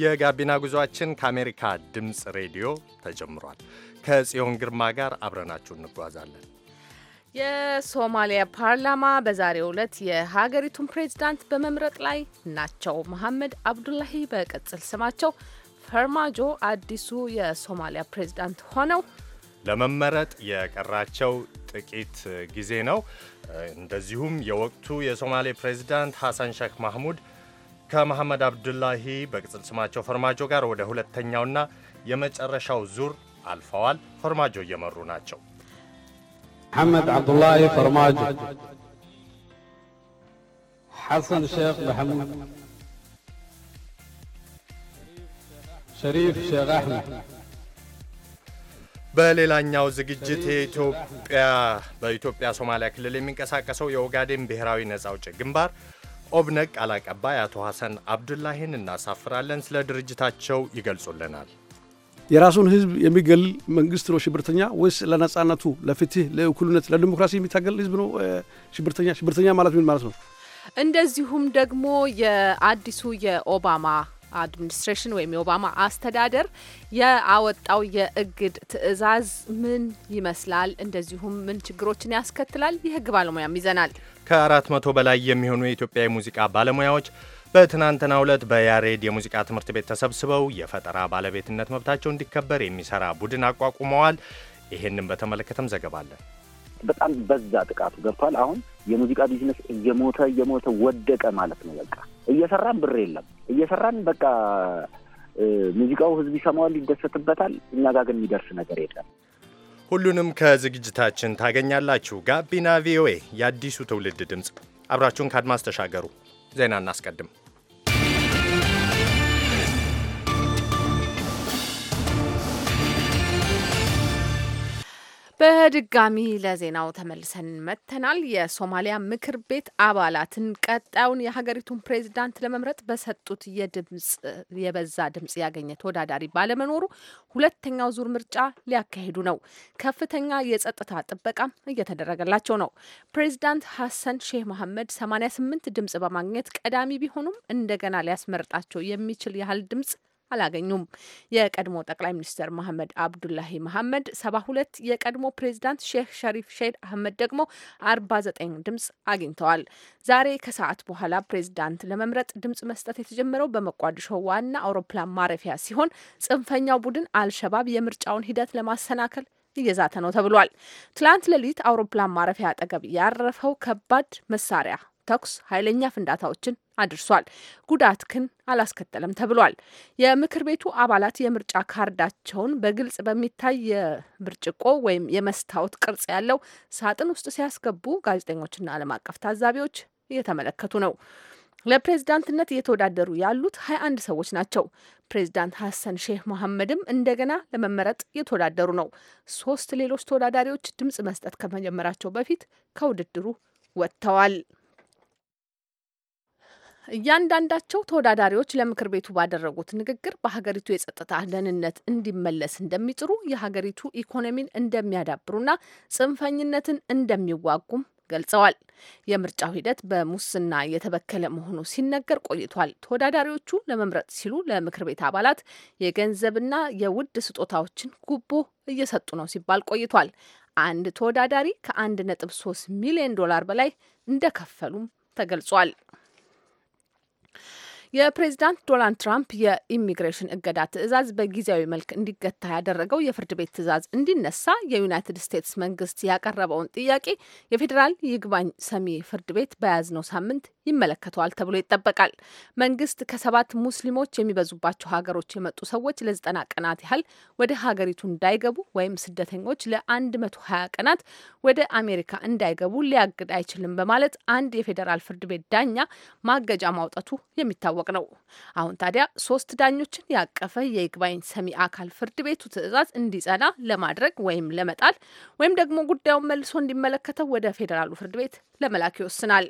የጋቢና ጉዟችን ከአሜሪካ ድምፅ ሬዲዮ ተጀምሯል። ከጽዮን ግርማ ጋር አብረናችሁ እንጓዛለን። የሶማሊያ ፓርላማ በዛሬው ዕለት የሀገሪቱን ፕሬዚዳንት በመምረጥ ላይ ናቸው። መሐመድ አብዱላሂ በቅጽል ስማቸው ፈርማጆ አዲሱ የሶማሊያ ፕሬዚዳንት ሆነው ለመመረጥ የቀራቸው ጥቂት ጊዜ ነው። እንደዚሁም የወቅቱ የሶማሌ ፕሬዚዳንት ሐሰን ሼክ ማህሙድ ከመሐመድ አብዱላሂ በቅጽል ስማቸው ፈርማጆ ጋር ወደ ሁለተኛውና የመጨረሻው ዙር አልፈዋል። ፈርማጆ እየመሩ ናቸው። መሐመድ አብዱላሂ ፈርማጆ፣ ሐሰን ሼክ መሐሙድ፣ ሸሪፍ ሼክ አሕመድ። በሌላኛው ዝግጅት የኢትዮጵያ በኢትዮጵያ ሶማሊያ ክልል የሚንቀሳቀሰው የኦጋዴን ብሔራዊ ነጻ አውጪ ግንባር ኦብነግ ቃል አቀባይ አቶ ሐሰን አብዱላሂን እናሳፍራለን። ስለ ድርጅታቸው ይገልጹልናል። የራሱን ህዝብ የሚገል መንግስት ነው ሽብርተኛ ወይስ ለነጻነቱ፣ ለፍትህ፣ ለእኩልነት፣ ለዲሞክራሲ የሚታገል ህዝብ ነው ሽብርተኛ? ሽብርተኛ ማለት ምን ማለት ነው? እንደዚሁም ደግሞ የአዲሱ የኦባማ አድሚኒስትሬሽን ወይም የኦባማ አስተዳደር የአወጣው የእግድ ትዕዛዝ ምን ይመስላል? እንደዚሁም ምን ችግሮችን ያስከትላል? የህግ ባለሙያም ይዘናል። ከአራት መቶ በላይ የሚሆኑ የኢትዮጵያ የሙዚቃ ባለሙያዎች በትናንትናው ዕለት በያሬድ የሙዚቃ ትምህርት ቤት ተሰብስበው የፈጠራ ባለቤትነት መብታቸው እንዲከበር የሚሰራ ቡድን አቋቁመዋል። ይህንም በተመለከተም ዘገባለን። በጣም በዛ ጥቃቱ ገብቷል። አሁን የሙዚቃ ቢዝነስ እየሞተ እየሞተ ወደቀ ማለት ነው። በቃ እየሰራም ብር የለም እየሰራን በቃ ሙዚቃው ህዝብ ይሰማዋል፣ ይደሰትበታል። እኛ ጋር ግን የሚደርስ ነገር የለም። ሁሉንም ከዝግጅታችን ታገኛላችሁ። ጋቢና ቪኦኤ፣ የአዲሱ ትውልድ ድምፅ። አብራችሁን ከአድማስ ተሻገሩ። ዜና እናስቀድም። በድጋሚ ለዜናው ተመልሰን መጥተናል። የሶማሊያ ምክር ቤት አባላትን ቀጣዩን የሀገሪቱን ፕሬዚዳንት ለመምረጥ በሰጡት የድምጽ የበዛ ድምጽ ያገኘ ተወዳዳሪ ባለመኖሩ ሁለተኛው ዙር ምርጫ ሊያካሂዱ ነው። ከፍተኛ የጸጥታ ጥበቃም እየተደረገላቸው ነው። ፕሬዚዳንት ሀሰን ሼህ መሐመድ 88 ድምጽ በማግኘት ቀዳሚ ቢሆኑም እንደገና ሊያስመርጣቸው የሚችል ያህል ድምጽ አላገኙም። የቀድሞ ጠቅላይ ሚኒስትር መሐመድ አብዱላሂ መሐመድ ሰባ ሁለት የቀድሞ ፕሬዚዳንት ሼህ ሸሪፍ ሼድ አህመድ ደግሞ አርባ ዘጠኝ ድምጽ አግኝተዋል። ዛሬ ከሰዓት በኋላ ፕሬዚዳንት ለመምረጥ ድምጽ መስጠት የተጀመረው በመቋዲሾ ዋና አውሮፕላን ማረፊያ ሲሆን ጽንፈኛው ቡድን አልሸባብ የምርጫውን ሂደት ለማሰናከል እየዛተ ነው ተብሏል። ትላንት ሌሊት አውሮፕላን ማረፊያ አጠገብ ያረፈው ከባድ መሳሪያ ተኩስ ኃይለኛ ፍንዳታዎችን አድርሷል። ጉዳት ግን አላስከተለም ተብሏል። የምክር ቤቱ አባላት የምርጫ ካርዳቸውን በግልጽ በሚታይ የብርጭቆ ወይም የመስታወት ቅርጽ ያለው ሳጥን ውስጥ ሲያስገቡ ጋዜጠኞችና ዓለም አቀፍ ታዛቢዎች እየተመለከቱ ነው። ለፕሬዝዳንትነት እየተወዳደሩ ያሉት ሀያ አንድ ሰዎች ናቸው። ፕሬዝዳንት ሀሰን ሼህ መሐመድም እንደገና ለመመረጥ እየተወዳደሩ ነው። ሶስት ሌሎች ተወዳዳሪዎች ድምፅ መስጠት ከመጀመራቸው በፊት ከውድድሩ ወጥተዋል። እያንዳንዳቸው ተወዳዳሪዎች ለምክር ቤቱ ባደረጉት ንግግር በሀገሪቱ የጸጥታ ደህንነት እንዲመለስ እንደሚጥሩ የሀገሪቱ ኢኮኖሚን እንደሚያዳብሩና ጽንፈኝነትን እንደሚዋጉም ገልጸዋል። የምርጫው ሂደት በሙስና የተበከለ መሆኑ ሲነገር ቆይቷል። ተወዳዳሪዎቹ ለመምረጥ ሲሉ ለምክር ቤት አባላት የገንዘብና የውድ ስጦታዎችን ጉቦ እየሰጡ ነው ሲባል ቆይቷል። አንድ ተወዳዳሪ ከአንድ ነጥብ ሶስት ሚሊዮን ዶላር በላይ እንደከፈሉም ተገልጿል። የፕሬዚዳንት ዶናልድ ትራምፕ የኢሚግሬሽን እገዳ ትዕዛዝ በጊዜያዊ መልክ እንዲገታ ያደረገው የፍርድ ቤት ትዕዛዝ እንዲነሳ የዩናይትድ ስቴትስ መንግስት ያቀረበውን ጥያቄ የፌዴራል ይግባኝ ሰሚ ፍርድ ቤት በያዝነው ሳምንት ይመለከተዋል ተብሎ ይጠበቃል። መንግስት ከሰባት ሙስሊሞች የሚበዙባቸው ሀገሮች የመጡ ሰዎች ለዘጠና ቀናት ያህል ወደ ሀገሪቱ እንዳይገቡ ወይም ስደተኞች ለአንድ መቶ ሀያ ቀናት ወደ አሜሪካ እንዳይገቡ ሊያግድ አይችልም በማለት አንድ የፌዴራል ፍርድ ቤት ዳኛ ማገጃ ማውጣቱ የሚታወቅ ነው። አሁን ታዲያ ሶስት ዳኞችን ያቀፈ የይግባኝ ሰሚ አካል ፍርድ ቤቱ ትዕዛዝ እንዲጸና ለማድረግ ወይም ለመጣል ወይም ደግሞ ጉዳዩን መልሶ እንዲመለከተው ወደ ፌዴራሉ ፍርድ ቤት ለመላክ ይወስናል።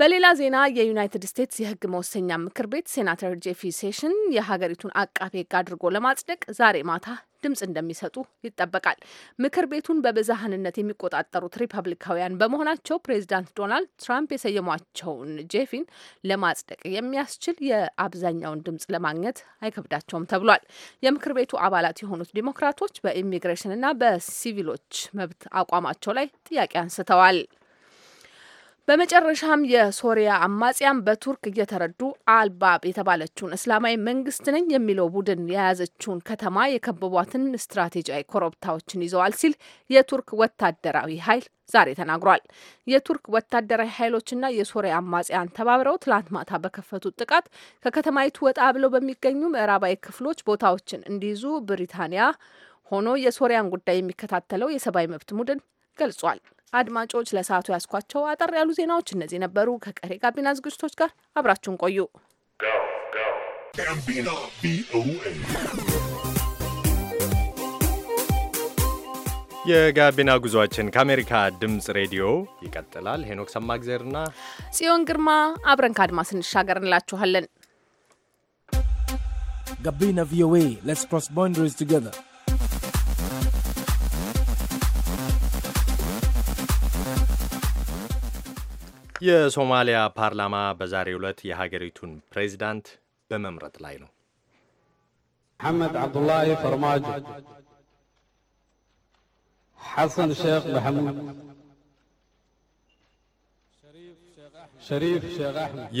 በሌላ ዜና የዩናይትድ ስቴትስ የህግ መወሰኛ ምክር ቤት ሴናተር ጄፊ ሴሽን የሀገሪቱን አቃቤ ህግ አድርጎ ለማጽደቅ ዛሬ ማታ ድምፅ እንደሚሰጡ ይጠበቃል። ምክር ቤቱን በብዝሃንነት የሚቆጣጠሩት ሪፐብሊካውያን በመሆናቸው ፕሬዚዳንት ዶናልድ ትራምፕ የሰየሟቸውን ጄፊን ለማጽደቅ የሚያስችል የአብዛኛውን ድምፅ ለማግኘት አይከብዳቸውም ተብሏል። የምክር ቤቱ አባላት የሆኑት ዲሞክራቶች በኢሚግሬሽንና በሲቪሎች መብት አቋማቸው ላይ ጥያቄ አንስተዋል። በመጨረሻም የሶሪያ አማጽያን በቱርክ እየተረዱ አልባብ የተባለችውን እስላማዊ መንግስት ነኝ የሚለው ቡድን የያዘችውን ከተማ የከበቧትን ስትራቴጂያዊ ኮረብታዎችን ይዘዋል ሲል የቱርክ ወታደራዊ ኃይል ዛሬ ተናግሯል። የቱርክ ወታደራዊ ኃይሎችና የሶሪያ አማጽያን ተባብረው ትላንት ማታ በከፈቱት ጥቃት ከከተማይቱ ወጣ ብለው በሚገኙ ምዕራባዊ ክፍሎች ቦታዎችን እንዲይዙ ብሪታንያ ሆኖ የሶሪያን ጉዳይ የሚከታተለው የሰብአዊ መብት ቡድን ገልጿል። አድማጮች ለሰዓቱ ያስኳቸው አጠር ያሉ ዜናዎች እነዚህ ነበሩ። ከቀሪ ጋቢና ዝግጅቶች ጋር አብራችሁን ቆዩ። የጋቢና ጉዟችን ከአሜሪካ ድምፅ ሬዲዮ ይቀጥላል። ሄኖክ ሰማግዜርና ጽዮን ግርማ አብረን ከአድማስ እንሻገር እንላችኋለን። ጋቢና ቪኦኤ ሌትስ ክሮስ ባውንደሪስ ቱጌዘር የሶማሊያ ፓርላማ በዛሬው ዕለት የሀገሪቱን ፕሬዚዳንት በመምረጥ ላይ ነው። መሐመድ አብዱላሂ ፈርማጆ፣ ሐሰን ሼክ መሐሙድ፣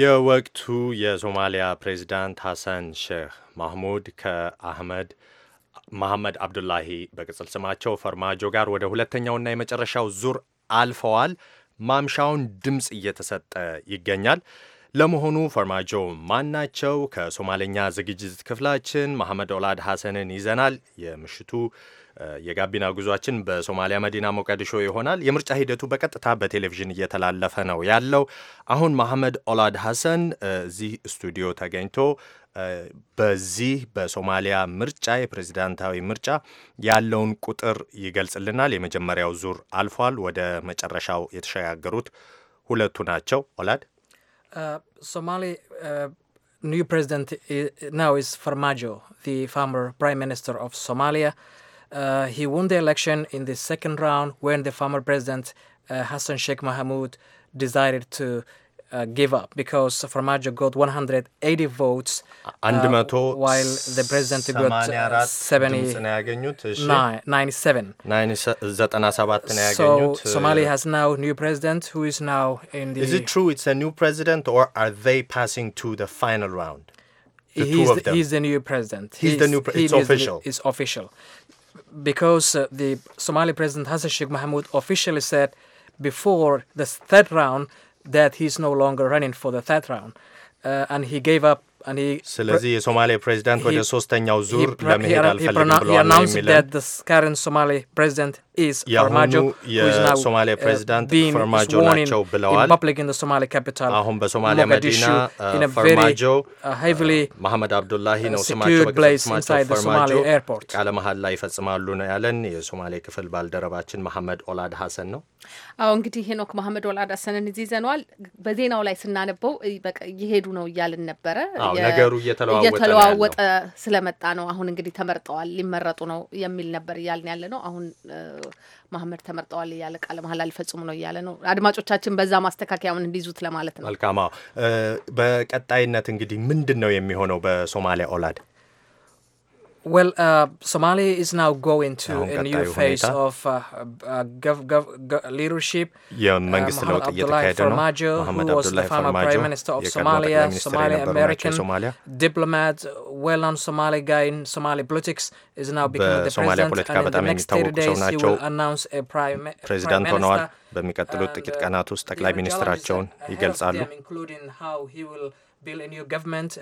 የወቅቱ የሶማሊያ ፕሬዚዳንት ሐሰን ሼክ ማህሙድ ከአህመድ መሐመድ አብዱላሂ በቅጽል ስማቸው ፈርማጆ ጋር ወደ ሁለተኛውና የመጨረሻው ዙር አልፈዋል። ማምሻውን ድምፅ እየተሰጠ ይገኛል። ለመሆኑ ፈርማጆ ማን ናቸው? ከሶማሌኛ ዝግጅት ክፍላችን መሐመድ ኦላድ ሐሰንን ይዘናል። የምሽቱ የጋቢና ጉዟችን በሶማሊያ መዲና ሞቃዲሾ ይሆናል። የምርጫ ሂደቱ በቀጥታ በቴሌቪዥን እየተላለፈ ነው ያለው። አሁን መሐመድ ኦላድ ሐሰን እዚህ ስቱዲዮ ተገኝቶ በዚህ በሶማሊያ ምርጫ የፕሬዝዳንታዊ ምርጫ ያለውን ቁጥር ይገልጽልናል። የመጀመሪያው ዙር አልፏል። ወደ መጨረሻው የተሸጋገሩት ሁለቱ ናቸው። ወላድ ሶማሌ ኒው ፕሬዚደንት ናው ኢዝ ፈርማጆ ዘ ፎርመር ፕራይም ሚኒስትር ኦፍ ሶማሊያ ሂ ወን ዘ ኤሌክሽን ኢን ዘ ሰከንድ ራውንድ ወን ዘ ፎርመር ፕሬዚደንት ሀሰን ሼክ ማህሙድ ዲሳይድድ ቱ uh, give up because Farmaggio got 180 votes uh, while the president got uh, 97 so Somali has now new president who is now in the Is it true it's a new president or are they passing to the final round the he's, the, he's the new president he's, he's the new president. it's official the, it's official because uh, the Somali president Hassan Sheikh Mohamud officially said before the third round that he's no longer running for the third round and he gave up ስለዚህ የሶማሌ ፕሬዚዳንት ወደ ሶስተኛው ዙር ለመሄድ አልፈልግም ብለዋል ነው የሚለን። የአሁኑ የሶማሌ ፕሬዚዳንት ፈርማጆ ናቸው ብለዋል። አሁን በሶማሊያ መዲና ፈርማጆ መሐመድ አብዱላሂ ነው ስማቸው። በስማቸው ፈርማጆ ቃለ መሀላ ይፈጽማሉ ነው ያለን የሶማሌ ክፍል ባልደረባችን መሐመድ ኦላድ ሀሰን ነው። አዎ እንግዲህ ሄኖክ መሀመድ ወላድ አሰንን እዚህ ይዘነዋል። በዜናው ላይ ስናነበው እየሄዱ ነው እያልን ነበረ። ነገሩ እየተለዋወጠ ስለመጣ ነው። አሁን እንግዲህ ተመርጠዋል፣ ሊመረጡ ነው የሚል ነበር እያልን ያለ ነው። አሁን መሀመድ ተመርጠዋል እያለ ቃለ መሀል አልፈጽሙ ነው እያለ ነው። አድማጮቻችን በዛ ማስተካከያውን እንዲይዙት ለማለት ነው። መልካም። በቀጣይነት እንግዲህ ምንድን ነው የሚሆነው በሶማሊያ ኦላድ Well, uh, Somalia is now going to a new phase of uh, uh, gov- gov- gov- leadership. የመንግስት ለውጥ እየተካሄደ ነው። መሐመድ prime minister of Somalia, Somali American diplomat, well known Somali guy in Somali politics is now becoming the president and in the next 30 days he will announce a prime ፕሬዚዳንት ሆነዋል። በሚቀጥሉት ጥቂት ቀናት ውስጥ ጠቅላይ ሚኒስትራቸውን ይገልጻሉ። አዲስ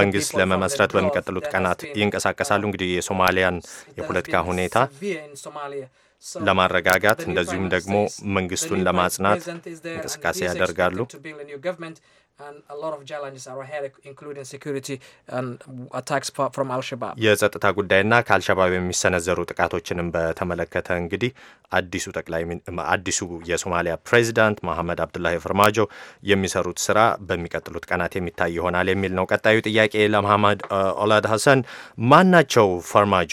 መንግስት uh, uh, uh, ለመመስረት በሚቀጥሉት ቀናት ይንቀሳቀሳሉ። እንግዲህ የሶማሊያን የፖለቲካ ሁኔታ ለማረጋጋት እንደዚሁም ደግሞ መንግስቱን ለማጽናት እንቅስቃሴ ያደርጋሉ። የጸጥታ ጉዳይና ከአልሸባብ የሚሰነዘሩ ጥቃቶችንም በተመለከተ እንግዲህ አዲሱ ጠቅላይ አዲሱ የሶማሊያ ፕሬዚዳንት መሐመድ አብዱላሂ ፈርማጆ የሚሰሩት ስራ በሚቀጥሉት ቀናት የሚታይ ይሆናል የሚል ነው። ቀጣዩ ጥያቄ ለመሐመድ ኦላድ ሀሰን ማን ናቸው ፈርማጆ?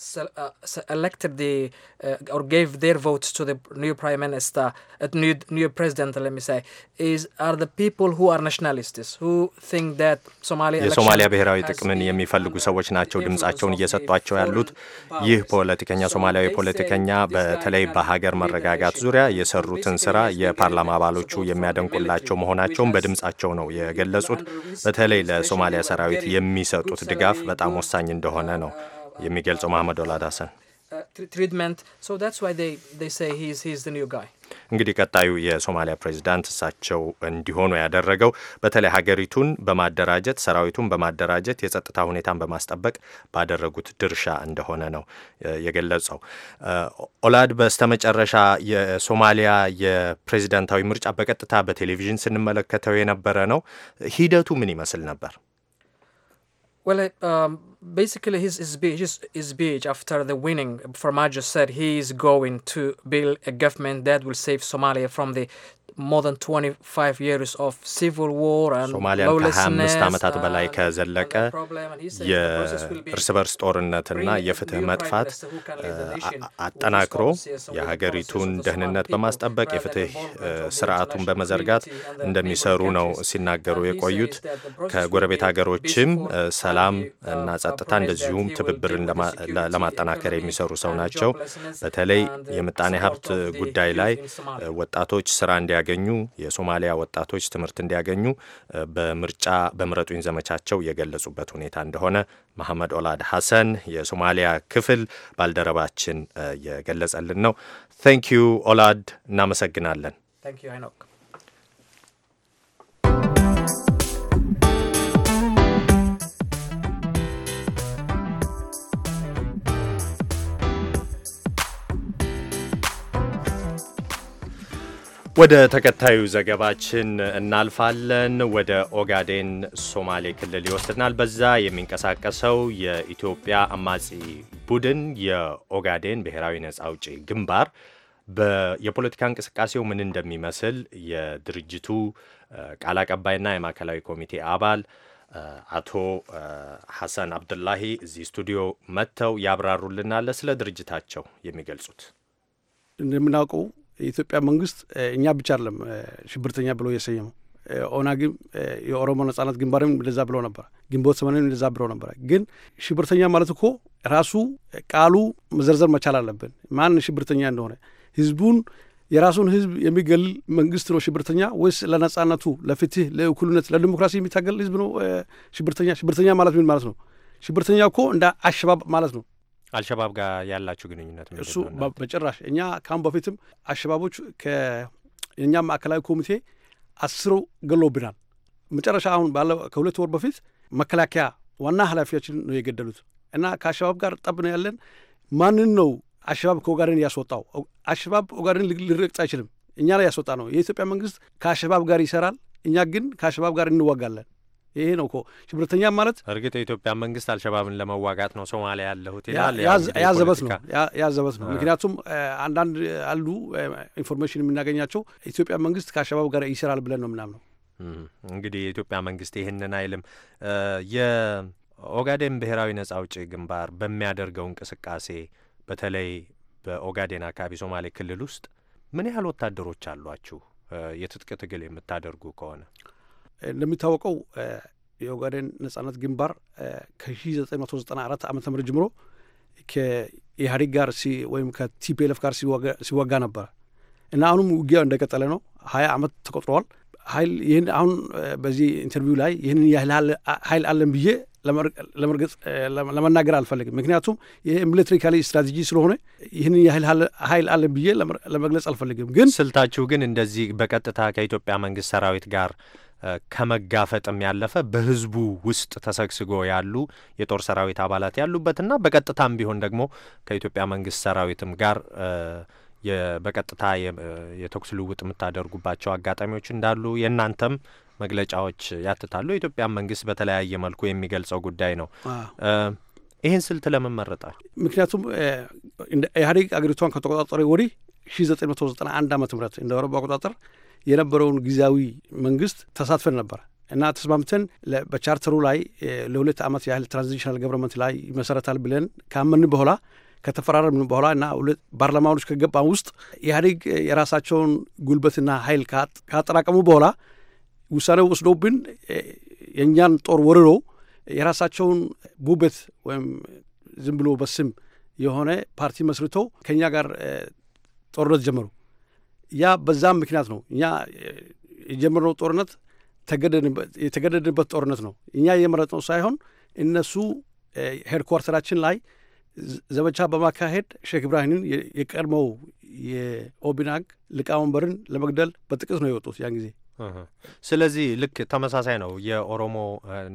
selected uh, the uh, or gave their votes to the new prime minister, uh, new new president. Let me say, is are the people who are nationalists who think that Somalia የሶማሊያ ብሔራዊ ጥቅምን የሚፈልጉ ሰዎች ናቸው ድምጻቸውን እየሰጧቸው ያሉት። ይህ ፖለቲከኛ ሶማሊያዊ ፖለቲከኛ በተለይ በሀገር መረጋጋት ዙሪያ የሰሩትን ስራ የፓርላማ አባሎቹ የሚያደንቁላቸው መሆናቸውን በድምጻቸው ነው የገለጹት። በተለይ ለሶማሊያ ሰራዊት የሚሰጡት ድጋፍ በጣም ወሳኝ እንደሆነ ነው የሚገልጸው መሐመድ ወላድ ሀሰን uh, እንግዲህ ቀጣዩ የሶማሊያ ፕሬዚዳንት እሳቸው እንዲሆኑ ያደረገው በተለይ ሀገሪቱን በማደራጀት ሰራዊቱን በማደራጀት የጸጥታ ሁኔታን በማስጠበቅ ባደረጉት ድርሻ እንደሆነ ነው የገለጸው። uh, ኦላድ በስተመጨረሻ የሶማሊያ የፕሬዚዳንታዊ ምርጫ በቀጥታ በቴሌቪዥን ስንመለከተው የነበረ ነው። ሂደቱ ምን ይመስል ነበር? Well, um, basically his speech, his, his speech after the winning, Farmajo said he is going to build a government that will save Somalia from the ሶማሊያን ከ25 ዓመታት በላይ ከዘለቀ የእርስ በርስ ጦርነትና የፍትህ መጥፋት አጠናክሮ የሀገሪቱን ደህንነት በማስጠበቅ የፍትህ ስርዓቱን በመዘርጋት እንደሚሰሩ ነው ሲናገሩ የቆዩት። ከጎረቤት ሀገሮችም ሰላም እና uh, ጸጥታ እንደዚሁም ትብብርን ለማጠናከር የሚሰሩ ሰው ናቸው። በተለይ የምጣኔ ሀብት ጉዳይ ላይ ወጣቶች ስራ እንዲያገ እንዲያገኙ የሶማሊያ ወጣቶች ትምህርት እንዲያገኙ በምርጫ በምረጡኝ ዘመቻቸው የገለጹበት ሁኔታ እንደሆነ መሐመድ ኦላድ ሐሰን የሶማሊያ ክፍል ባልደረባችን የገለጸልን ነው። ታንኪዩ ኦላድ፣ እናመሰግናለን። ታንኪዩ አይኖክ። ወደ ተከታዩ ዘገባችን እናልፋለን። ወደ ኦጋዴን ሶማሌ ክልል ይወስድናል። በዛ የሚንቀሳቀሰው የኢትዮጵያ አማጺ ቡድን የኦጋዴን ብሔራዊ ነጻ አውጪ ግንባር የፖለቲካ እንቅስቃሴው ምን እንደሚመስል የድርጅቱ ቃል አቀባይና የማዕከላዊ ኮሚቴ አባል አቶ ሐሰን አብዱላሂ እዚህ ስቱዲዮ መጥተው ያብራሩልናል። ስለ ድርጅታቸው የሚገልጹት እንደምናውቀው የኢትዮጵያ መንግስት እኛ ብቻ አለም ሽብርተኛ ብሎ የሰየመው ኦናግም የኦሮሞ ነጻነት ግንባርም እንደዛ ብሎ ነበረ። ግንቦት ሰመንም እንደዛ ብሎ ነበረ። ግን ሽብርተኛ ማለት እኮ ራሱ ቃሉ መዘርዘር መቻል አለብን፣ ማን ሽብርተኛ እንደሆነ ህዝቡን የራሱን ህዝብ የሚገልል መንግስት ነው ሽብርተኛ ወይስ ለነጻነቱ፣ ለፍትህ፣ ለእኩልነት፣ ለዲሞክራሲ የሚታገል ህዝብ ነው ሽብርተኛ? ሽብርተኛ ማለት ምን ማለት ነው? ሽብርተኛ እኮ እንደ አሸባብ ማለት ነው። አልሸባብ ጋር ያላችሁ ግንኙነት እሱ በጭራሽ እኛ ካሁን በፊትም አሸባቦች ከእኛ ማዕከላዊ ኮሚቴ አስሮ ገሎብናል። መጨረሻ አሁን ባለው ከሁለት ወር በፊት መከላከያ ዋና ኃላፊያችን ነው የገደሉት እና ከአሸባብ ጋር ጠብ ነው ያለን። ማንን ነው አሸባብ ከኦጋዴን ያስወጣው? አሸባብ ኦጋዴን ሊረግጥ አይችልም። እኛ ላይ ያስወጣ ነው። የኢትዮጵያ መንግስት ከአሸባብ ጋር ይሰራል፣ እኛ ግን ከአሸባብ ጋር እንዋጋለን። ይሄ ነው እኮ ሽብርተኛ ማለት። እርግጥ የኢትዮጵያ መንግስት አልሸባብን ለመዋጋት ነው ሶማሊያ ያለሁት ይላል። ያዘበት ነው ያዘበት ነው። ምክንያቱም አንዳንድ አሉ ኢንፎርሜሽን የምናገኛቸው ኢትዮጵያ መንግስት ከአልሸባብ ጋር ይሰራል ብለን ነው ምናምነው። እንግዲህ የኢትዮጵያ መንግስት ይህንን አይልም። የኦጋዴን ብሔራዊ ነጻ አውጪ ግንባር በሚያደርገው እንቅስቃሴ በተለይ በኦጋዴን አካባቢ ሶማሌ ክልል ውስጥ ምን ያህል ወታደሮች አሏችሁ? የትጥቅ ትግል የምታደርጉ ከሆነ እንደሚታወቀው የኦጋዴን ነጻነት ግንባር ከ1994 ዓ ም ጀምሮ ከኢህአዴግ ጋር ወይም ከቲፒኤልኤፍ ጋር ሲዋጋ ነበረ እና አሁንም ውጊያው እንደቀጠለ ነው። ሀያ ዓመት ተቆጥረዋል። ኃይል ይህን አሁን በዚህ ኢንተርቪው ላይ ይህንን ያህል ኃይል አለን ብዬ ለመርገጽ ለመናገር አልፈልግም። ምክንያቱም ይህ ሚሊትሪካሊ ስትራቴጂ ስለሆነ ይህንን ያህል ኃይል አለን ብዬ ለመግለጽ አልፈልግም። ግን ስልታችሁ ግን እንደዚህ በቀጥታ ከኢትዮጵያ መንግስት ሰራዊት ጋር ከመጋፈጥም ያለፈ በህዝቡ ውስጥ ተሰግስጎ ያሉ የጦር ሰራዊት አባላት ያሉበትና በቀጥታም ቢሆን ደግሞ ከኢትዮጵያ መንግስት ሰራዊትም ጋር በቀጥታ የተኩስ ልውውጥ የምታደርጉባቸው አጋጣሚዎች እንዳሉ የእናንተም መግለጫዎች ያትታሉ። የኢትዮጵያ መንግስት በተለያየ መልኩ የሚገልጸው ጉዳይ ነው። ይህን ስልት ለምን መረጣል? ምክንያቱም ኢህአዴግ አገሪቷን ከተቆጣጠረ ወዲህ 1991 ዓ ም እንደ አውሮፓ አቆጣጠር የነበረውን ጊዜያዊ መንግስት ተሳትፈን ነበር እና ተስማምተን በቻርተሩ ላይ ለሁለት ዓመት ያህል ትራንዚሽናል ገቨርንመንት ላይ ይመሰረታል ብለን ካመን በኋላ ከተፈራረምን በኋላ እና ፓርላማኖች ከገባ ውስጥ ኢህአዴግ የራሳቸውን ጉልበትና ኃይል ካጠራቀሙ በኋላ ውሳኔ ወስዶብን የእኛን ጦር ወርሮ የራሳቸውን ቡበት ወይም ዝም ብሎ በስም የሆነ ፓርቲ መስርቶ ከእኛ ጋር ጦርነት ጀመሩ። ያ በዛም ምክንያት ነው እኛ የጀመርነው ጦርነት የተገደድንበት ጦርነት ነው። እኛ የመረጥነው ሳይሆን እነሱ ሄድኳርተራችን ላይ ዘመቻ በማካሄድ ሼክ ኢብራሂምን የቀድሞው የኦቢናግ ሊቀመንበርን ለመግደል በጥቅስ ነው የወጡት ያን ጊዜ ስለዚህ ልክ ተመሳሳይ ነው። የኦሮሞ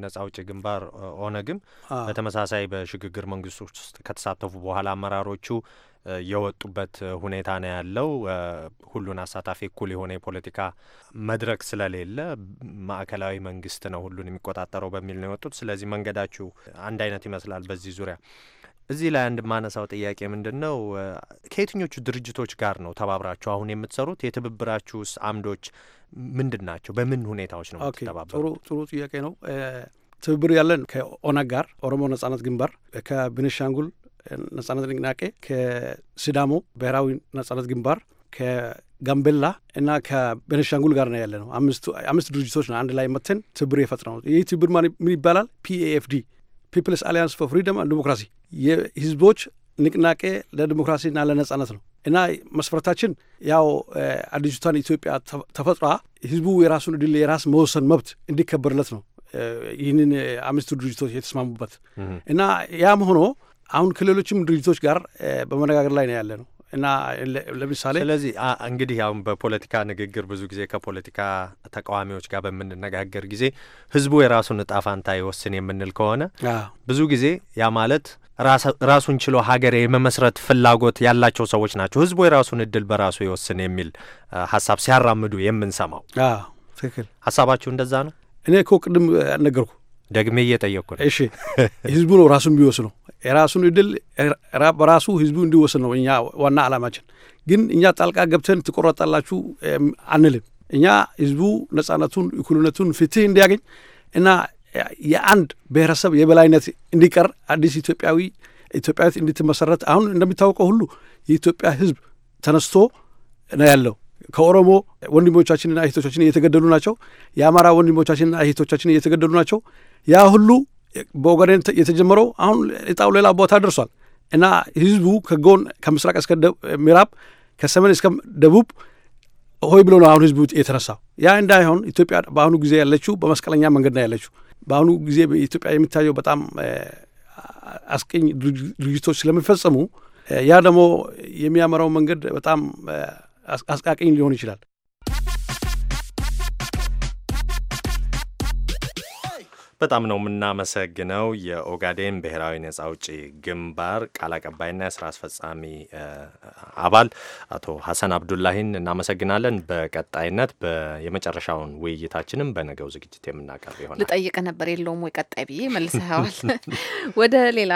ነጻ አውጪ ግንባር ኦነግም በተመሳሳይ በሽግግር መንግስቶች ውስጥ ከተሳተፉ በኋላ አመራሮቹ የወጡበት ሁኔታ ነው ያለው። ሁሉን አሳታፊ እኩል የሆነ የፖለቲካ መድረክ ስለሌለ ማዕከላዊ መንግስት ነው ሁሉን የሚቆጣጠረው በሚል ነው የወጡት። ስለዚህ መንገዳችሁ አንድ አይነት ይመስላል በዚህ ዙሪያ እዚህ ላይ አንድ ማነሳው ጥያቄ ምንድን ነው፣ ከየትኞቹ ድርጅቶች ጋር ነው ተባብራችሁ አሁን የምትሰሩት? የትብብራችሁስ አምዶች ምንድን ናቸው? በምን ሁኔታዎች ነው የምትተባበሩ? ጥሩ ጥያቄ ነው። ትብብር ያለን ከኦነግ ጋር፣ ኦሮሞ ነጻነት ግንባር፣ ከቤኒሻንጉል ነጻነት ንቅናቄ፣ ከሲዳሞ ብሔራዊ ነጻነት ግንባር፣ ከጋምቤላ እና ከቤኒሻንጉል ጋር ነው ያለ ነው። አምስት ድርጅቶች ነው አንድ ላይ መተን ትብብር ነው። ይህ ትብብር ምን ይባላል? ፒኤኤፍዲ ፒፕልስ አሊያንስ ፎር ፍሪደም ዲሞክራሲ የህዝቦች ንቅናቄ ለዲሞክራሲና ለነጻነት ነው እና መስፈርታችን ያው አዲጅቷን ኢትዮጵያ ተፈጥሯ ህዝቡ የራሱን እድል የራስ መወሰን መብት እንዲከበርለት ነው። ይህንን አምስቱ ድርጅቶች የተስማሙበት እና ያም ሆኖ አሁን ከሌሎችም ድርጅቶች ጋር በመነጋገር ላይ ነው ያለ ነው። እና ለምሳሌ ስለዚህ እንግዲህ አሁን በፖለቲካ ንግግር ብዙ ጊዜ ከፖለቲካ ተቃዋሚዎች ጋር በምንነጋገር ጊዜ ህዝቡ የራሱን እጣ ፋንታ ይወስን የምንል ከሆነ ብዙ ጊዜ ያ ማለት ራሱን ችሎ ሀገር የመመስረት ፍላጎት ያላቸው ሰዎች ናቸው። ህዝቡ የራሱን እድል በራሱ ይወስን የሚል ሀሳብ ሲያራምዱ የምንሰማው ትክክል። ሀሳባችሁ እንደዛ ነው? እኔ እኮ ቅድም ነገርኩ፣ ደግሜ እየጠየቅኩ ነው። እሺ ህዝቡ ነው ራሱን ቢወስነው የራሱን እድል በራሱ ህዝቡ እንዲወስን ነው እኛ ዋና ዓላማችን። ግን እኛ ጣልቃ ገብተን ትቆረጣላችሁ አንልም። እኛ ህዝቡ ነጻነቱን፣ እኩልነቱን፣ ፍትህ እንዲያገኝ እና የአንድ ብሔረሰብ የበላይነት እንዲቀር አዲስ ኢትዮጵያዊ ኢትዮጵያዊት እንድትመሰረት አሁን እንደሚታወቀው ሁሉ የኢትዮጵያ ህዝብ ተነስቶ ነው ያለው። ከኦሮሞ ወንድሞቻችንና እህቶቻችን እየተገደሉ ናቸው። የአማራ ወንድሞቻችንና እህቶቻችን እየተገደሉ ናቸው። ያ ሁሉ በወገደን የተጀመረው አሁን እጣው ሌላ ቦታ ደርሷል እና ህዝቡ ከጎን ከምስራቅ እስከ ምዕራብ ከሰሜን እስከ ደቡብ ሆይ ብሎ ነው አሁን ህዝቡ የተነሳው። ያ እንዳይሆን ኢትዮጵያ በአሁኑ ጊዜ ያለችው በመስቀለኛ መንገድ ነው ያለችው። በአሁኑ ጊዜ በኢትዮጵያ የሚታየው በጣም አስቀኝ ድርጅቶች ስለሚፈጸሙ ያ ደግሞ የሚያመራው መንገድ በጣም አስቃቀኝ ሊሆን ይችላል። በጣም ነው የምናመሰግነው። የኦጋዴን ብሔራዊ ነጻ አውጪ ግንባር ቃል አቀባይና የስራ አስፈጻሚ አባል አቶ ሀሰን አብዱላሂን እናመሰግናለን። በቀጣይነት የመጨረሻውን ውይይታችንም በነገው ዝግጅት የምናቀርብ ይሆናል። ልጠይቅ ነበር የለውም ወይ ቀጣይ ብዬ መልሰዋል። ወደ ሌላ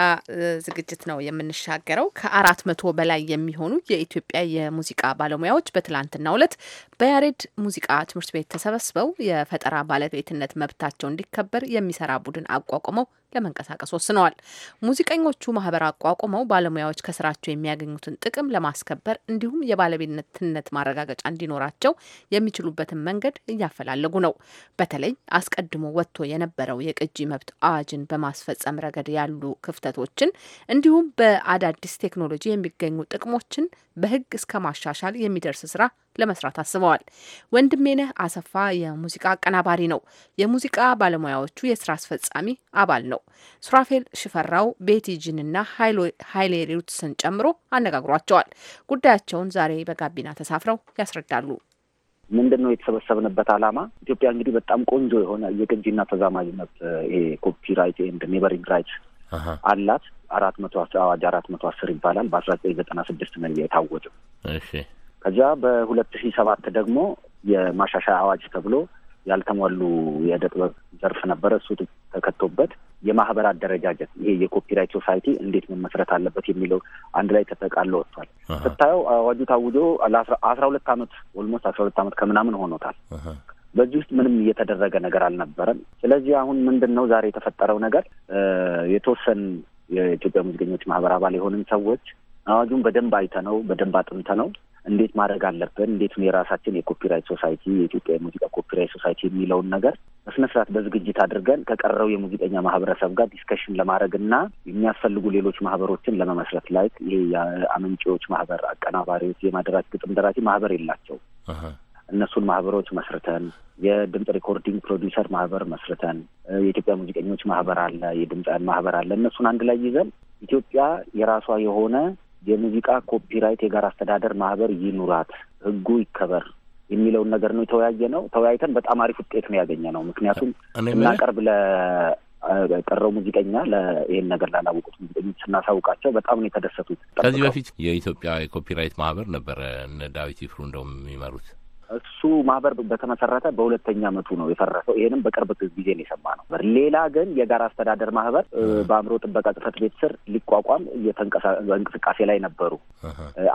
ዝግጅት ነው የምንሻገረው። ከአራት መቶ በላይ የሚሆኑ የኢትዮጵያ የሙዚቃ ባለሙያዎች በትላንትናው ዕለት በያሬድ ሙዚቃ ትምህርት ቤት ተሰበስበው የፈጠራ ባለቤትነት መብታቸው እንዲከበር የሚ የሚሰራ ቡድን አቋቁመው ለመንቀሳቀስ ወስነዋል። ሙዚቀኞቹ ማህበር አቋቁመው ባለሙያዎች ከስራቸው የሚያገኙትን ጥቅም ለማስከበር እንዲሁም የባለቤትነት ማረጋገጫ እንዲኖራቸው የሚችሉበትን መንገድ እያፈላለጉ ነው። በተለይ አስቀድሞ ወጥቶ የነበረው የቅጂ መብት አዋጅን በማስፈጸም ረገድ ያሉ ክፍተቶችን እንዲሁም በአዳዲስ ቴክኖሎጂ የሚገኙ ጥቅሞችን በህግ እስከ ማሻሻል የሚደርስ ስራ ለመስራት አስበዋል። ወንድሜነህ አሰፋ የሙዚቃ አቀናባሪ ነው። የሙዚቃ ባለሙያዎቹ የስራ አስፈጻሚ አባል ነው። ነው። ሱራፌል ሽፈራው ቤቲጂንና ሀይሌ ሩትስን ጨምሮ አነጋግሯቸዋል። ጉዳያቸውን ዛሬ በጋቢና ተሳፍረው ያስረዳሉ። ምንድን ነው የተሰበሰብንበት ዓላማ? ኢትዮጵያ እንግዲህ በጣም ቆንጆ የሆነ የቅጂና ተዛማጅነት ኮፒራይት ኤንድ ኔበሪንግ ራይት አላት። አራት መቶ አዋጅ አራት መቶ አስር ይባላል። በአስራ ዘጠኝ ዘጠና ስድስት ነው የታወጀው። ከዚያ በሁለት ሺህ ሰባት ደግሞ የማሻሻያ አዋጅ ተብሎ ያልተሟሉ የእደ ጥበብ ዘርፍ ነበረ። እሱ ተከቶበት የማህበር አደረጃጀት ይሄ የኮፒራይት ሶሳይቲ እንዴት መመስረት አለበት የሚለው አንድ ላይ ተጠቃሎ ወጥቷል። ስታየው አዋጁ ታውጆ አስራ ሁለት አመት ኦልሞስት አስራ ሁለት ዓመት ከምናምን ሆኖታል። በዚህ ውስጥ ምንም እየተደረገ ነገር አልነበረም። ስለዚህ አሁን ምንድን ነው ዛሬ የተፈጠረው ነገር የተወሰን የኢትዮጵያ ሙዚቀኞች ማህበር አባል የሆንን ሰዎች አዋጁን በደንብ አይተ ነው በደንብ ነው? እንዴት ማድረግ አለብን፣ እንዴት ነው የራሳችን የኮፒራይት ሶሳይቲ የኢትዮጵያ የሙዚቃ ኮፒራይት ሶሳይቲ የሚለውን ነገር በስነስርዓት በዝግጅት አድርገን ከቀረው የሙዚቀኛ ማህበረሰብ ጋር ዲስከሽን ለማድረግ እና የሚያስፈልጉ ሌሎች ማህበሮችን ለመመስረት ላይ ይሄ የአመንጪዎች ማህበር፣ አቀናባሪዎች፣ የማደራጅ ግጥም ደራሲ ማህበር የላቸው እነሱን ማህበሮች መስርተን የድምፅ ሪኮርዲንግ ፕሮዲውሰር ማህበር መስርተን የኢትዮጵያ ሙዚቀኞች ማህበር አለ፣ የድምፃን ማህበር አለ። እነሱን አንድ ላይ ይዘን ኢትዮጵያ የራሷ የሆነ የሙዚቃ ኮፒራይት የጋራ አስተዳደር ማህበር ይኑራት፣ ህጉ ይከበር የሚለውን ነገር ነው የተወያየ ነው። ተወያይተን በጣም አሪፍ ውጤት ነው ያገኘ ነው። ምክንያቱም እናቀርብ ለቀረው ሙዚቀኛ ይህን ነገር ላላወቁት ሙዚቀኞች ስናሳውቃቸው በጣም ነው የተደሰቱት። ከዚህ በፊት የኢትዮጵያ የኮፒራይት ማህበር ነበረ እነ ዳዊት ይፍሩ እንደውም የሚመሩት እሱ ማህበር በተመሰረተ በሁለተኛ አመቱ ነው የፈረሰው። ይሄንም በቅርብ ጊዜ ነው ነው። ሌላ ግን የጋራ አስተዳደር ማህበር በአእምሮ ጥበቃ ጽህፈት ቤት ስር ሊቋቋም እንቅስቃሴ ላይ ነበሩ።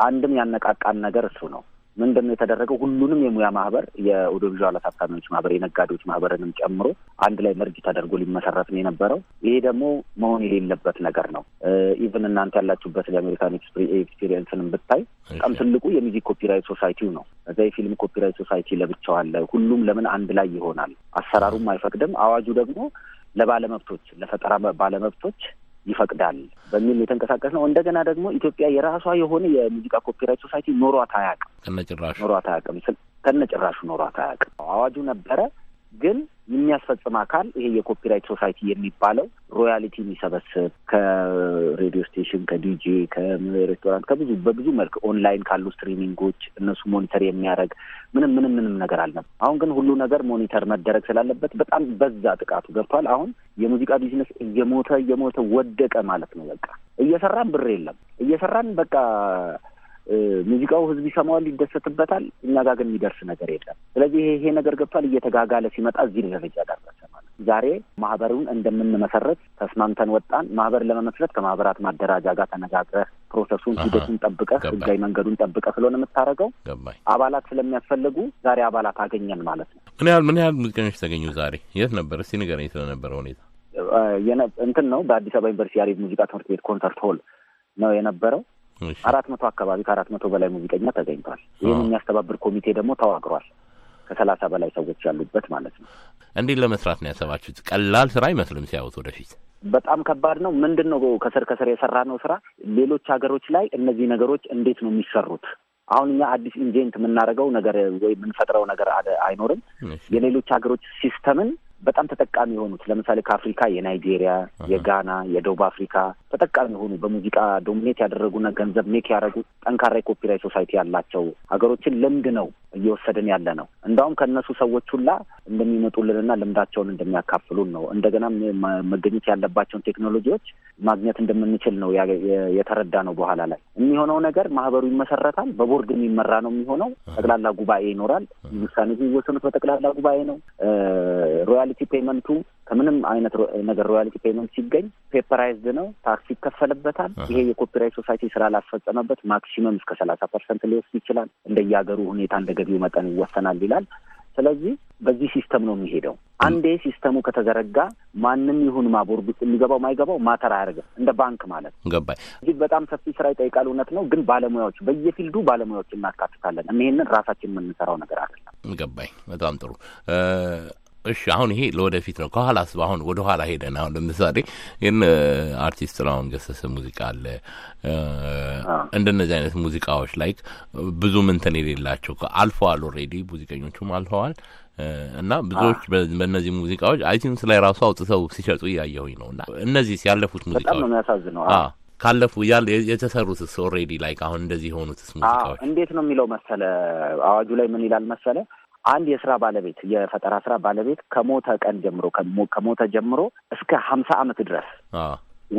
አንድም ያነቃቃን ነገር እሱ ነው። ምንድን ነው የተደረገው? ሁሉንም የሙያ ማህበር የኦዲዮቪዥዋል አሳታሚዎች ማህበር የነጋዴዎች ማህበርንም ጨምሮ አንድ ላይ መርጅ ተደርጎ ሊመሰረት ነው የነበረው። ይሄ ደግሞ መሆን የሌለበት ነገር ነው። ኢቨን እናንተ ያላችሁበት የአሜሪካን ኤክስፒሪየንስንም ብታይ በጣም ትልቁ የሚዚክ ኮፒራይት ሶሳይቲው ነው። እዛ የፊልም ኮፒራይት ሶሳይቲ ለብቻው አለ። ሁሉም ለምን አንድ ላይ ይሆናል? አሰራሩም አይፈቅድም። አዋጁ ደግሞ ለባለመብቶች ለፈጠራ ባለመብቶች ይፈቅዳል በሚል የተንቀሳቀስ ነው። እንደገና ደግሞ ኢትዮጵያ የራሷ የሆነ የሙዚቃ ኮፒራይት ሶሳይቲ ኖሯት አያውቅም። ከነጭራሹ ኖሯት አያውቅም። ከነጭራሹ ኖሯት አያውቅም። አዋጁ ነበረ። ግን የሚያስፈጽም አካል ይሄ የኮፒራይት ሶሳይቲ የሚባለው ሮያሊቲ የሚሰበስብ ከሬዲዮ ስቴሽን፣ ከዲጄ፣ ከሬስቶራንት፣ ከብዙ በብዙ መልክ ኦንላይን ካሉ ስትሪሚንጎች እነሱ ሞኒተር የሚያደርግ ምንም ምንም ምንም ነገር አለም። አሁን ግን ሁሉ ነገር ሞኒተር መደረግ ስላለበት በጣም በዛ ጥቃቱ ገብቷል። አሁን የሙዚቃ ቢዝነስ እየሞተ እየሞተ ወደቀ ማለት ነው። በቃ እየሰራን ብር የለም እየሰራን በቃ ሙዚቃው ህዝብ ይሰማዋል፣ ይደሰትበታል። እኛ ጋር ግን የሚደርስ ነገር የለም። ስለዚህ ይሄ ነገር ገብቷል እየተጋጋለ ሲመጣ እዚህ ደረጃ ጋር ማለት። ዛሬ ማህበሩን እንደምንመሰረት ተስማምተን ወጣን። ማህበር ለመመስረት ከማህበራት ማደራጃ ጋር ተነጋግረህ ፕሮሰሱን ሂደቱን ጠብቀህ ህጋዊ መንገዱን ጠብቀ ስለሆነ የምታደርገው አባላት ስለሚያስፈልጉ ዛሬ አባላት አገኘን ማለት ነው። ምን ያህል ምን ያህል ሙዚቀኞች ተገኙ ዛሬ? የት ነበር? እስቲ ንገረኝ ስለነበረ ሁኔታ። እንትን ነው በአዲስ አበባ ዩኒቨርሲቲ ያሬድ ሙዚቃ ትምህርት ቤት ኮንሰርት ሆል ነው የነበረው። አራት መቶ አካባቢ ከአራት መቶ በላይ ሙዚቀኛ ተገኝቷል። ይህን የሚያስተባብር ኮሚቴ ደግሞ ተዋቅሯል። ከሰላሳ በላይ ሰዎች ያሉበት ማለት ነው። እንዴት ለመስራት ነው ያሰባችሁት? ቀላል ስራ አይመስልም ሲያዩት ወደፊት በጣም ከባድ ነው። ምንድን ነው ከስር ከስር የሰራ ነው ስራ ሌሎች ሀገሮች ላይ እነዚህ ነገሮች እንዴት ነው የሚሰሩት? አሁን እኛ አዲስ ኢንቬንት የምናደርገው ነገር ወይ የምንፈጥረው ነገር አይኖርም። የሌሎች ሀገሮች ሲስተምን በጣም ተጠቃሚ የሆኑት ለምሳሌ ከአፍሪካ የናይጄሪያ፣ የጋና፣ የደቡብ አፍሪካ ተጠቃሚ የሆኑ በሙዚቃ ዶሚኔት ያደረጉና ገንዘብ ሜክ ያደረጉ ጠንካራ የኮፒራይት ሶሳይቲ ያላቸው ሀገሮችን ልምድ ነው እየወሰድን ያለ ነው። እንዳውም ከእነሱ ሰዎች ሁላ እንደሚመጡልንና ልምዳቸውን እንደሚያካፍሉን ነው። እንደገና መገኘት ያለባቸውን ቴክኖሎጂዎች ማግኘት እንደምንችል ነው የተረዳ ነው። በኋላ ላይ የሚሆነው ነገር ማህበሩ ይመሰረታል፣ በቦርድ የሚመራ ነው የሚሆነው። ጠቅላላ ጉባኤ ይኖራል። ውሳኔ የሚወሰኑት በጠቅላላ ጉባኤ ነው። ሮያል ሮያልቲ ፔመንቱ ከምንም አይነት ነገር ሮያልቲ ፔመንት ሲገኝ ፔፐራይዝድ ነው፣ ታክስ ይከፈልበታል። ይሄ የኮፒራይት ሶሳይቲ ስራ ላስፈጸመበት ማክሲመም እስከ ሰላሳ ፐርሰንት ሊወስድ ይችላል። እንደየሀገሩ ሁኔታ እንደ ገቢው መጠን ይወሰናል ይላል። ስለዚህ በዚህ ሲስተም ነው የሚሄደው። አንዴ ሲስተሙ ከተዘረጋ ማንም ይሁን ማቦር የሚገባው ማይገባው ማተር አያደርግም። እንደ ባንክ ማለት ገባይ እዚህ በጣም ሰፊ ስራ ይጠይቃል። እውነት ነው፣ ግን ባለሙያዎች በየፊልዱ ባለሙያዎች እናካትታለን። ይሄንን ራሳችን የምንሰራው ነገር አይደለም። ገባይ በጣም ጥሩ እሺ አሁን ይሄ ለወደፊት ነው። ከኋላስ አሁን ወደ ኋላ ሄደን አሁን ለምሳሌ ግን አርቲስት ጥላሁን ገሰሰ ሙዚቃ አለ። እንደነዚህ አይነት ሙዚቃዎች ላይ ብዙ ምንትን የሌላቸው አልፈዋል። ኦልሬዲ ሙዚቀኞቹም አልፈዋል እና ብዙዎች በእነዚህ ሙዚቃዎች አይቲዩንስ ላይ ራሱ አውጥተው ሲሸጡ እያየሁኝ ነው። እና እነዚህ ያለፉት ሙዚቃዎች በጣም የሚያሳዝነው ካለፉ ያለ የተሰሩትስ ኦልሬዲ አሁን እንደዚህ የሆኑትስ ሙዚቃዎች እንዴት ነው የሚለው መሰለ አዋጁ ላይ ምን ይላል መሰለ አንድ የስራ ባለቤት የፈጠራ ስራ ባለቤት ከሞተ ቀን ጀምሮ ከሞተ ጀምሮ እስከ ሀምሳ ዓመት ድረስ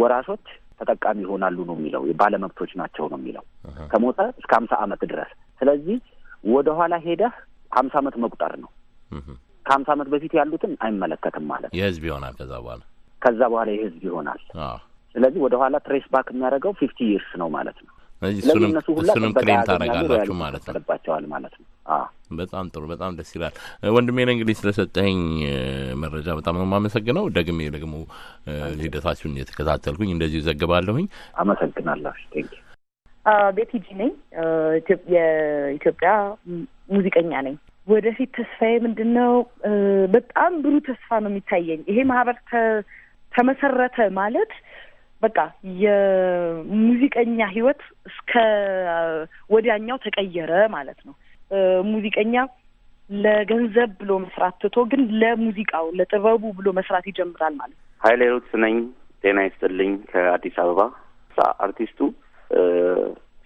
ወራሶች ተጠቃሚ ይሆናሉ ነው የሚለው። ባለመብቶች ናቸው ነው የሚለው ከሞተ እስከ ሀምሳ ዓመት ድረስ። ስለዚህ ወደኋላ ሄደህ ሀምሳ ዓመት መቁጠር ነው። ከሀምሳ ዓመት በፊት ያሉትን አይመለከትም ማለት ነው። የህዝብ ይሆናል ከዛ በኋላ ከዛ በኋላ የህዝብ ይሆናል። ስለዚህ ወደኋላ ትሬስ ባክ የሚያደርገው ፊፍቲ ይርስ ነው ማለት ነው። እሱንም እሱንም ክሌም ታደርጋላችሁ ማለት ነው ማለት ነው። በጣም ጥሩ፣ በጣም ደስ ይላል ወንድሜን እንግዲህ ስለሰጠኝ መረጃ በጣም ነው የማመሰግነው። ደግሜ ደግሞ ሂደታችሁን እየተከታተልኩኝ እንደዚሁ ዘግባለሁኝ። አመሰግናለሁ። ቤቲጂ ነኝ፣ የኢትዮጵያ ሙዚቀኛ ነኝ። ወደፊት ተስፋዬ ምንድን ነው? በጣም ብሩህ ተስፋ ነው የሚታየኝ። ይሄ ማህበር ተመሰረተ ማለት በቃ የሙዚቀኛ ህይወት እስከ ወዲያኛው ተቀየረ ማለት ነው። ሙዚቀኛ ለገንዘብ ብሎ መስራት ትቶ ግን ለሙዚቃው ለጥበቡ ብሎ መስራት ይጀምራል ማለት ነው። ሀይሌ ነኝ። ጤና ይስጥልኝ ከአዲስ አበባ። አርቲስቱ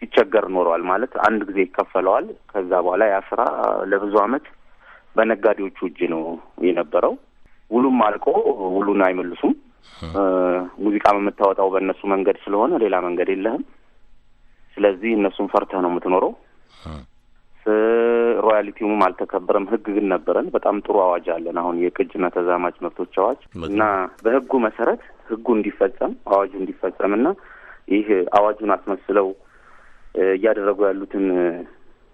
ሲቸገር ኖረዋል ማለት አንድ ጊዜ ይከፈለዋል። ከዛ በኋላ ያ ስራ ለብዙ አመት በነጋዴዎቹ እጅ ነው የነበረው። ውሉም አልቆ ውሉን አይመልሱም። ሙዚቃ የምታወጣው በእነሱ መንገድ ስለሆነ ሌላ መንገድ የለህም። ስለዚህ እነሱን ፈርተህ ነው የምትኖረው። ሮያሊቲውም አልተከበረም። ህግ ግን ነበረን። በጣም ጥሩ አዋጅ አለን አሁን የቅጅና ተዛማጅ መብቶች አዋጅ እና በህጉ መሰረት ህጉ እንዲፈጸም አዋጁ እንዲፈጸም እና ይህ አዋጁን አስመስለው እያደረጉ ያሉትን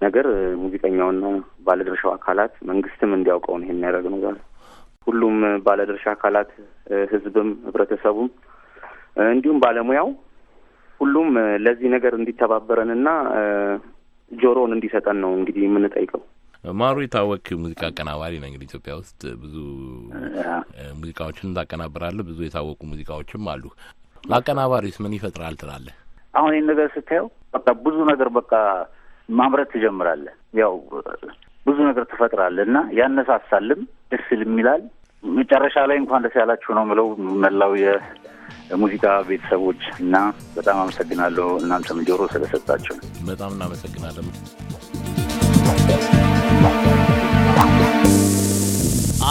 ነገር ሙዚቀኛውና ባለድርሻው አካላት መንግስትም እንዲያውቀውን ይሄን ያደረግ ነው ሁሉም ባለድርሻ አካላት ህዝብም፣ ህብረተሰቡም እንዲሁም ባለሙያው ሁሉም ለዚህ ነገር እንዲተባበረንና ጆሮውን እንዲሰጠን ነው እንግዲህ የምንጠይቀው። ማሩ የታወቅ ሙዚቃ አቀናባሪ ነው። እንግዲህ ኢትዮጵያ ውስጥ ብዙ ሙዚቃዎችን ታቀናብራለህ። ብዙ የታወቁ ሙዚቃዎችም አሉ። ለአቀናባሪውስ ምን ይፈጥራል ትላለህ? አሁን ይህን ነገር ስታየው በቃ ብዙ ነገር በቃ ማምረት ትጀምራለህ። ያው ብዙ ነገር ትፈጥራለህ እና ያነሳሳልም፣ ደስ ይላል። መጨረሻ ላይ እንኳን ደስ ያላችሁ ነው ምለው መላው የሙዚቃ ቤተሰቦች እና በጣም አመሰግናለሁ። እናንተም ጆሮ ስለሰጣችሁ በጣም እናመሰግናለን።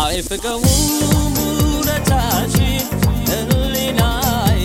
አይ ፍቅሩ ውለታሽ ህሊናዬ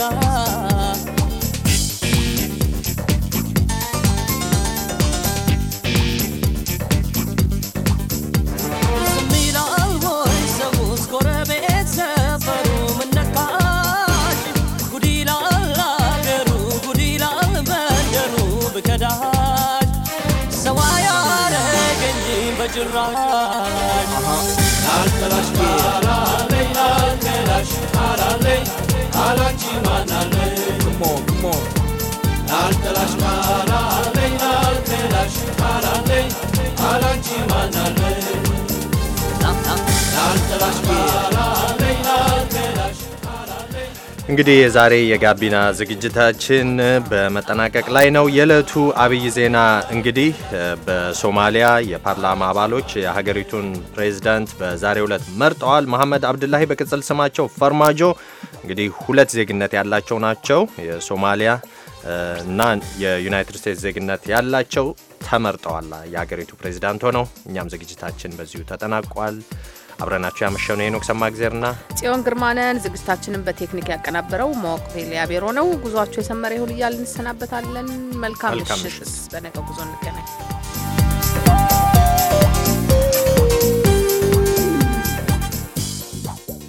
ጋር እንግዲህ የዛሬ የጋቢና ዝግጅታችን በመጠናቀቅ ላይ ነው። የዕለቱ አብይ ዜና እንግዲህ በሶማሊያ የፓርላማ አባሎች የሀገሪቱን ፕሬዚዳንት በዛሬው ዕለት መርጠዋል። መሐመድ አብድላሂ በቅጽል ስማቸው ፈርማጆ እንግዲህ ሁለት ዜግነት ያላቸው ናቸው የሶማሊያ እና የዩናይትድ ስቴትስ ዜግነት ያላቸው ተመርጠዋል የሀገሪቱ ፕሬዚዳንት ሆነው። እኛም ዝግጅታችን በዚሁ ተጠናቋል። አብረናችሁ ያመሸነው ሄኖክ ሰማእግዜርና ጽዮን ግርማነን ዝግጅታችንን በቴክኒክ ያቀናበረው ሞቅቤል ያቤሮ ነው። ጉዟችሁ የሰመረ ይሁን እያል እንሰናበታለን። መልካም ምሽት። በነገ ጉዞ እንገናኝ።